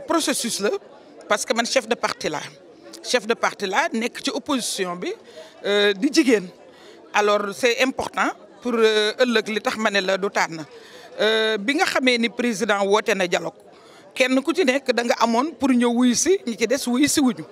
processus là, parce que man chef de parti là, chef de parti là nek ci opposition bi euh, di Jigen. alors c'est important pour euleuk li tax mané ne la du euh bi nga xamee ni président woté na dialogue kenn ku ci nek da nga amone pour ñeu wuyu si ñi ci dess wuyu si wuñu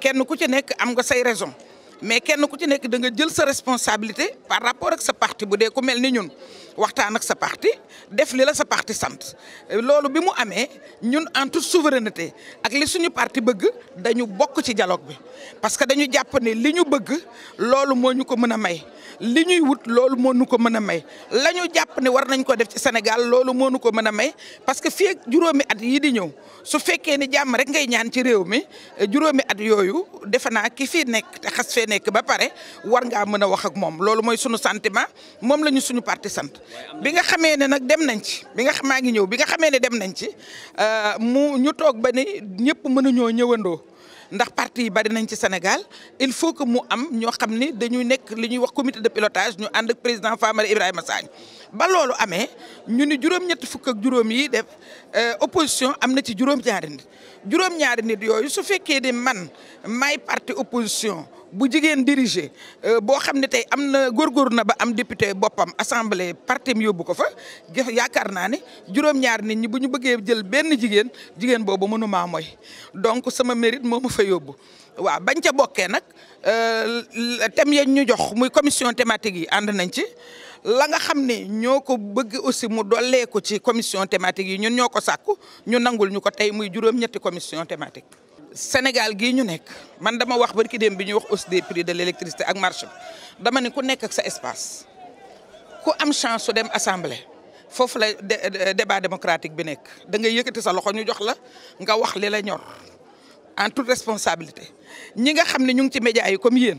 kenn ku ci nek am nga say raison mais kenn ku ci nek da nga jël sa responsabilité par rapport ak sa parti bu dee ku melni ñun waxtaan ak sa parti def li la sa parti sant loolu bi mu amee ñun en toute souveraineté ak li suñu parti bëgg dañu bokk ci dialogue bi parce que dañu jàpp ne li ñu bëgg loolu moo ñu ko mën a may li ñuy wut loolu moo nu ko mën a may la ñu jàpp ne war nañ koo def ci Sénégal loolu moo ñu ko mën a may parce que fii juróomi at yii di ñëw su fekkee ni jàmm rek ngay ñaan ci réew mi juróomi at yooyu defe naa ki fii nekk xas fee nekk ba pare war ngaa mën a wax ak moom loolu mooy suñu sentiment moom la ñu suñu parti sant bi nga xamee ne nag dem nañ ci bi nga maa ngi ñëw bi nga xamee ne dem nañ ci euh, mu ñu toog ba ni ñëpp mënuñoo ñëwandoo ndax parti yi bari nañ ci Sénégal il faut que mu am ñoo xam ni dañuy nekk li ñuy wax comité de pilotage ñu ànd ak président Famara Ibrahima saañ ba loolu amee ñu ni juróom-ñetti fukk ak juróom yi def euh, opposition am na ci juróom-ñaari nit juróom-ñaari nit yooyu su fekkee de man may parti opposition bu jigéen dirigé euh, boo xam ne tey am na góorgóorlu na ba am député boppam assemblée parti mi ko fa yaakaar naa ne juróom-ñaari nit ñi bu ñu bëggee jël benn jigéen jigéen boobu mënumaa mooy donc sama mérite moo ma fa yóbbu waaw bañ ca bokkee nag euh, tem yañ ñu jox muy commission thématique yi ànd nañ ci la nga xam ne ñoo ko bëgg aussi mu dollee ko ci commission thématique yi ñun ñoo ko sàkku ñu nangul ñu ko tey muy juróom-ñetti commission thématique. Sénégal gii ñu nekk man dama wax barki dem bi ñuy wax hausse des prix de l'électricité ak marché bi dama ne ku nekk ak sa espace ku am chance su dem assemblée foofu la débat démocratique bi nekk da ngay yëkkati sa loxo ñu jox la nga wax li la ñor en toute responsabilité ñi nga xam ne ñu ngi ci média yi comme yéen.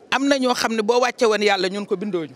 am na ñoo xam ne boo wàcce woon yàlla ñun ko bindooñu